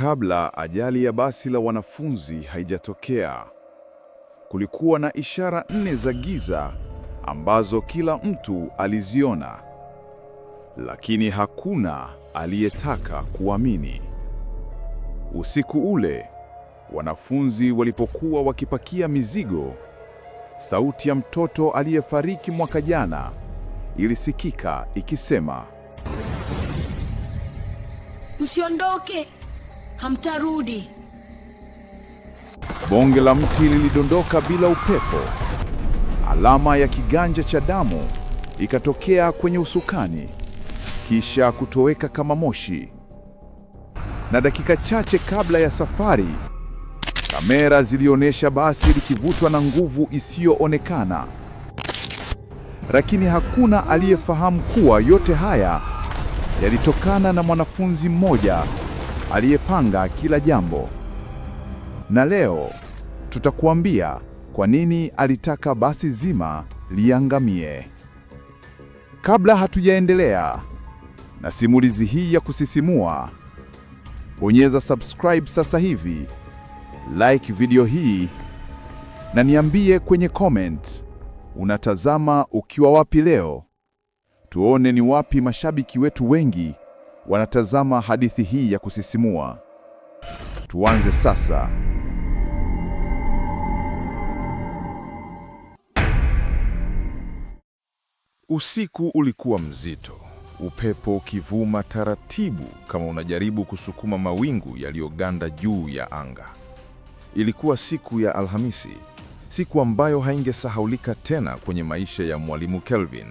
Kabla ajali ya basi la wanafunzi haijatokea, kulikuwa na ishara nne za giza ambazo kila mtu aliziona, lakini hakuna aliyetaka kuamini. Usiku ule wanafunzi walipokuwa wakipakia mizigo, sauti ya mtoto aliyefariki mwaka jana ilisikika ikisema, usiondoke hamtarudi. Bonge la mti lilidondoka bila upepo. Alama ya kiganja cha damu ikatokea kwenye usukani, kisha kutoweka kama moshi. Na dakika chache kabla ya safari, kamera zilionyesha basi likivutwa na nguvu isiyoonekana. Lakini hakuna aliyefahamu kuwa yote haya yalitokana na mwanafunzi mmoja aliyepanga kila jambo. Na leo tutakuambia kwa nini alitaka basi zima liangamie. Kabla hatujaendelea na simulizi hii ya kusisimua, bonyeza subscribe sasa hivi, like video hii na niambie kwenye comment unatazama ukiwa wapi leo. Tuone ni wapi mashabiki wetu wengi wanatazama hadithi hii ya kusisimua. Tuanze sasa. Usiku ulikuwa mzito, upepo ukivuma taratibu kama unajaribu kusukuma mawingu yaliyoganda juu ya anga. Ilikuwa siku ya Alhamisi, siku ambayo haingesahaulika tena kwenye maisha ya Mwalimu Kelvin,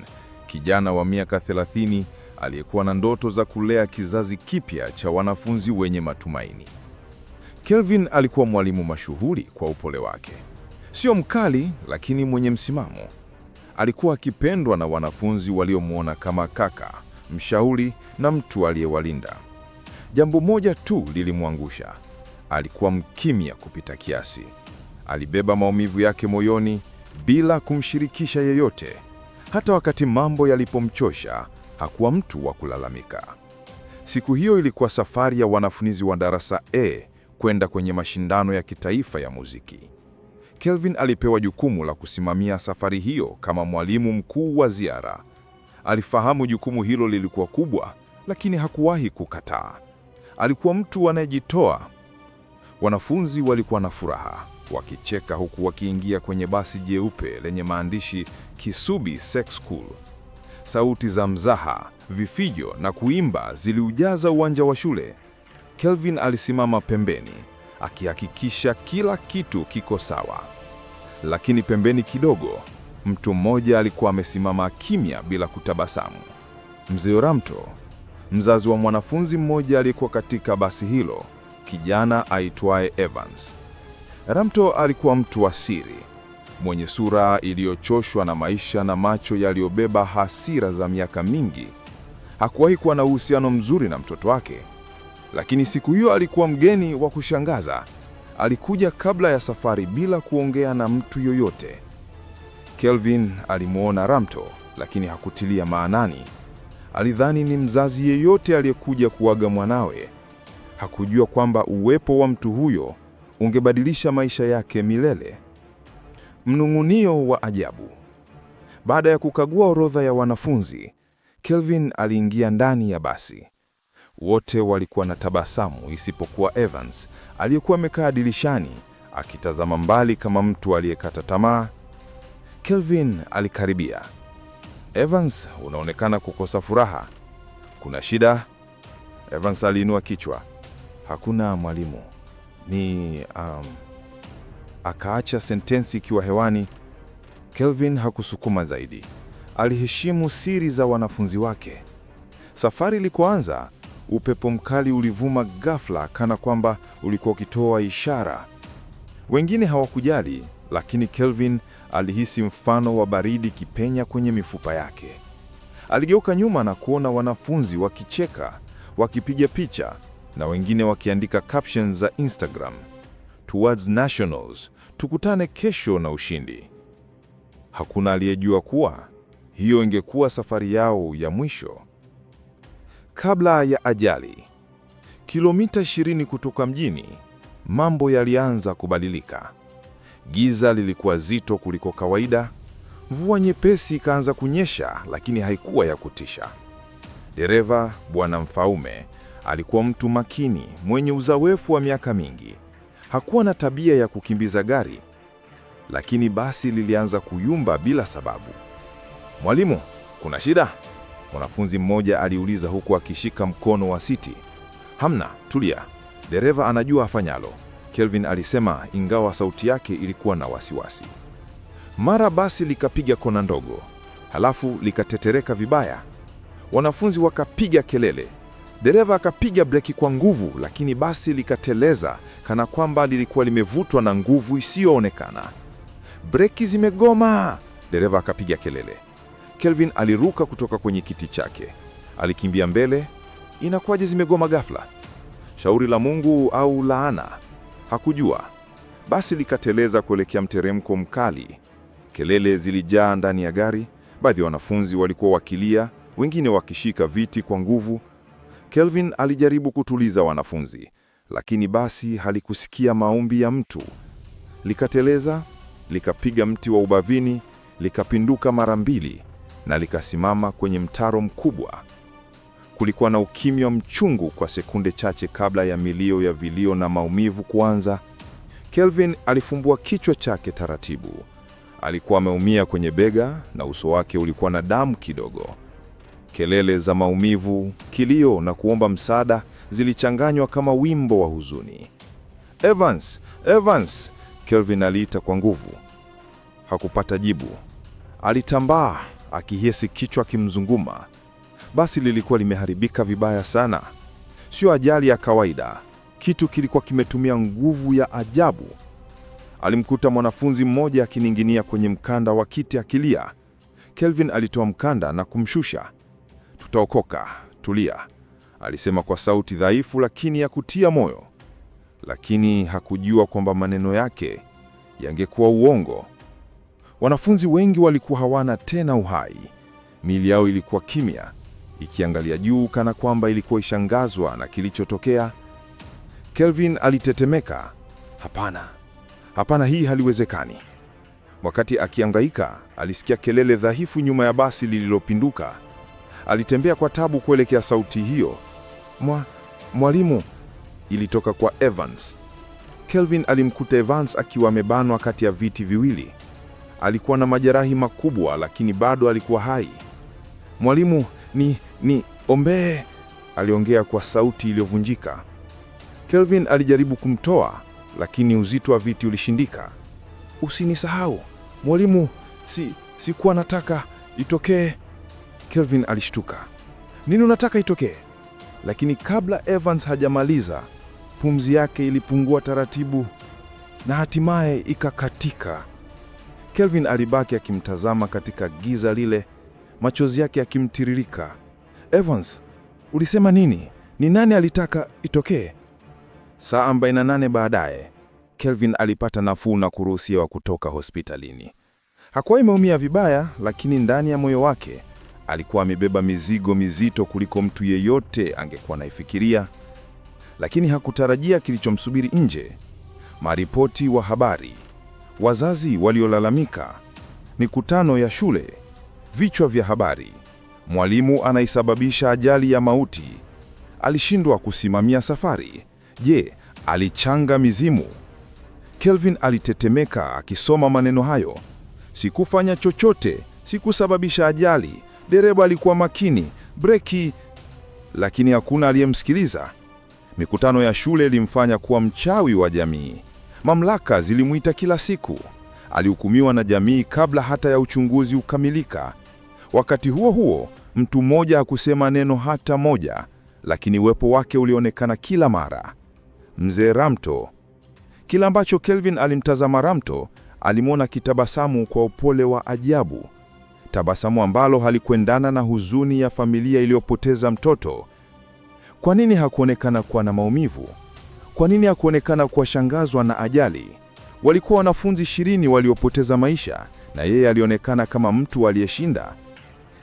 kijana wa miaka 30 aliyekuwa na ndoto za kulea kizazi kipya cha wanafunzi wenye matumaini. Kelvin alikuwa mwalimu mashuhuri kwa upole wake, sio mkali, lakini mwenye msimamo. Alikuwa akipendwa na wanafunzi waliomwona kama kaka, mshauri na mtu aliyewalinda. Jambo moja tu lilimwangusha: alikuwa mkimya kupita kiasi. Alibeba maumivu yake moyoni bila kumshirikisha yeyote. Hata wakati mambo yalipomchosha, hakuwa mtu wa kulalamika. Siku hiyo ilikuwa safari ya wanafunzi wa darasa A e kwenda kwenye mashindano ya kitaifa ya muziki. Kelvin alipewa jukumu la kusimamia safari hiyo kama mwalimu mkuu wa ziara. Alifahamu jukumu hilo lilikuwa kubwa, lakini hakuwahi kukataa. Alikuwa mtu anayejitoa. Wanafunzi walikuwa na furaha wakicheka, huku wakiingia kwenye basi jeupe lenye maandishi Kisubi Sex School sauti za mzaha, vifijo na kuimba ziliujaza uwanja wa shule. Kelvin alisimama pembeni akihakikisha kila kitu kiko sawa, lakini pembeni kidogo, mtu mmoja alikuwa amesimama kimya bila kutabasamu. Mzee Oramto, mzazi wa mwanafunzi mmoja aliyekuwa katika basi hilo, kijana aitwaye Evans. Ramto alikuwa mtu wa siri, mwenye sura iliyochoshwa na maisha na macho yaliyobeba hasira za miaka mingi. Hakuwahi kuwa na uhusiano mzuri na mtoto wake, lakini siku hiyo alikuwa mgeni wa kushangaza. Alikuja kabla ya safari bila kuongea na mtu yoyote. Kelvin alimwona Ramto, lakini hakutilia maanani. Alidhani ni mzazi yeyote aliyekuja kuaga mwanawe. Hakujua kwamba uwepo wa mtu huyo ungebadilisha maisha yake milele. Mnung'unio wa ajabu. Baada ya kukagua orodha ya wanafunzi, Kelvin aliingia ndani ya basi. Wote walikuwa na tabasamu isipokuwa Evans aliyekuwa amekaa dirishani akitazama mbali kama mtu aliyekata tamaa. Kelvin alikaribia. Evans, unaonekana kukosa furaha. Kuna shida? Evans aliinua kichwa. Hakuna mwalimu. Ni um akaacha sentensi ikiwa hewani. Kelvin hakusukuma zaidi, aliheshimu siri za wanafunzi wake. Safari ilipoanza, upepo mkali ulivuma ghafla, kana kwamba ulikuwa ukitoa ishara. Wengine hawakujali, lakini Kelvin alihisi mfano wa baridi kipenya kwenye mifupa yake. Aligeuka nyuma na kuona wanafunzi wakicheka, wakipiga picha na wengine wakiandika captions za Instagram. Towards Nationals, tukutane kesho na ushindi. Hakuna aliyejua kuwa hiyo ingekuwa safari yao ya mwisho. Kabla ya ajali, kilomita 20 kutoka mjini, mambo yalianza kubadilika. Giza lilikuwa zito kuliko kawaida. Mvua nyepesi ikaanza kunyesha, lakini haikuwa ya kutisha. Dereva Bwana Mfaume alikuwa mtu makini mwenye uzoefu wa miaka mingi. Hakuwa na tabia ya kukimbiza gari, lakini basi lilianza kuyumba bila sababu. Mwalimu, kuna shida? Mwanafunzi mmoja aliuliza huku akishika mkono wa siti. Hamna, tulia, dereva anajua afanyalo, Kelvin alisema, ingawa sauti yake ilikuwa na wasiwasi. Mara basi likapiga kona ndogo, halafu likatetereka vibaya. Wanafunzi wakapiga kelele, Dereva akapiga breki kwa nguvu, lakini basi likateleza kana kwamba lilikuwa limevutwa na nguvu isiyoonekana. Breki zimegoma! Dereva akapiga kelele. Kelvin aliruka kutoka kwenye kiti chake, alikimbia mbele. Inakuwaje zimegoma ghafla? Shauri la Mungu au laana? Hakujua. Basi likateleza kuelekea mteremko mkali. Kelele zilijaa ndani ya gari. Baadhi ya wanafunzi walikuwa wakilia, wengine wakishika viti kwa nguvu, Kelvin alijaribu kutuliza wanafunzi, lakini basi halikusikia maombi ya mtu. Likateleza, likapiga mti wa ubavini, likapinduka mara mbili na likasimama kwenye mtaro mkubwa. Kulikuwa na ukimya mchungu kwa sekunde chache kabla ya milio ya vilio na maumivu kuanza. Kelvin alifumbua kichwa chake taratibu. Alikuwa ameumia kwenye bega na uso wake ulikuwa na damu kidogo. Kelele za maumivu, kilio na kuomba msaada zilichanganywa kama wimbo wa huzuni. Evans, Evans, Kelvin aliita kwa nguvu. Hakupata jibu. Alitambaa akihisi kichwa kimzunguma. Basi lilikuwa limeharibika vibaya sana. Sio ajali ya kawaida. Kitu kilikuwa kimetumia nguvu ya ajabu. Alimkuta mwanafunzi mmoja akining'inia kwenye mkanda wa kiti akilia. Kelvin alitoa mkanda na kumshusha. Tutaokoka, tulia, alisema kwa sauti dhaifu lakini ya kutia moyo. Lakini hakujua kwamba maneno yake yangekuwa uongo. Wanafunzi wengi walikuwa hawana tena uhai, miili yao ilikuwa kimya ikiangalia juu, kana kwamba ilikuwa ishangazwa na kilichotokea. Kelvin alitetemeka. Hapana, hapana, hii haliwezekani. Wakati akiangaika, alisikia kelele dhaifu nyuma ya basi lililopinduka. Alitembea kwa tabu kuelekea sauti hiyo. Mwa, mwalimu, ilitoka kwa Evans. Kelvin alimkuta Evans akiwa amebanwa kati ya viti viwili. Alikuwa na majeraha makubwa lakini bado alikuwa hai. Mwalimu, ni ni ombee, aliongea kwa sauti iliyovunjika. Kelvin alijaribu kumtoa lakini uzito wa viti ulishindika. Usinisahau mwalimu, si sikuwa nataka itokee, Kelvin alishtuka. Nini unataka itokee? Lakini kabla Evans hajamaliza, pumzi yake ilipungua taratibu na hatimaye ikakatika. Kelvin alibaki akimtazama katika giza lile, machozi yake yakimtiririka. Evans, ulisema nini? Ni nani alitaka itokee? Saa 48 baadaye, Kelvin alipata nafuu na kuruhusiwa kutoka hospitalini. Hakuwa imeumia vibaya, lakini ndani ya moyo wake Alikuwa amebeba mizigo mizito kuliko mtu yeyote angekuwa naifikiria, lakini hakutarajia kilichomsubiri nje. Maripoti wa habari, wazazi waliolalamika, mikutano ya shule, vichwa vya habari, mwalimu anaisababisha ajali ya mauti, alishindwa kusimamia safari. Je, alichanga mizimu? Kelvin alitetemeka akisoma maneno hayo. Sikufanya chochote, sikusababisha ajali, dereba alikuwa makini, breki, lakini hakuna aliyemsikiliza. Mikutano ya shule ilimfanya kuwa mchawi wa jamii. Mamlaka zilimwita kila siku. Alihukumiwa na jamii kabla hata ya uchunguzi ukamilika. Wakati huo huo, mtu mmoja hakusema neno hata moja, lakini uwepo wake ulionekana kila mara. Mzee Ramto. Kila ambacho Kelvin alimtazama Ramto, alimwona kitabasamu kwa upole wa ajabu tabasamu ambalo halikuendana na huzuni ya familia iliyopoteza mtoto. Kwa nini hakuonekana kuwa na maumivu? Kwa nini hakuonekana kuwashangazwa na ajali? Walikuwa wanafunzi ishirini waliopoteza maisha na yeye alionekana kama mtu aliyeshinda.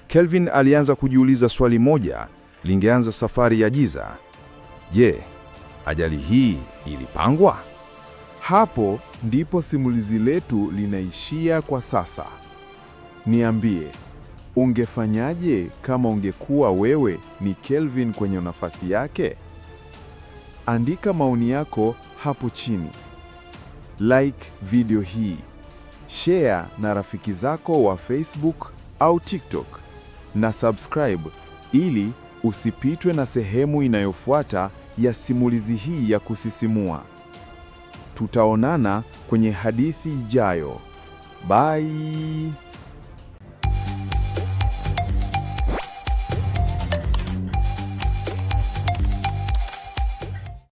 Kelvin alianza kujiuliza swali moja lingeanza safari ya giza. Je, ajali hii ilipangwa? Hapo ndipo simulizi letu linaishia kwa sasa. Niambie, ungefanyaje kama ungekuwa wewe ni Kelvin kwenye nafasi yake? Andika maoni yako hapo chini. Like video hii, share na rafiki zako wa Facebook au TikTok na subscribe ili usipitwe na sehemu inayofuata ya simulizi hii ya kusisimua. Tutaonana kwenye hadithi ijayo. Bye.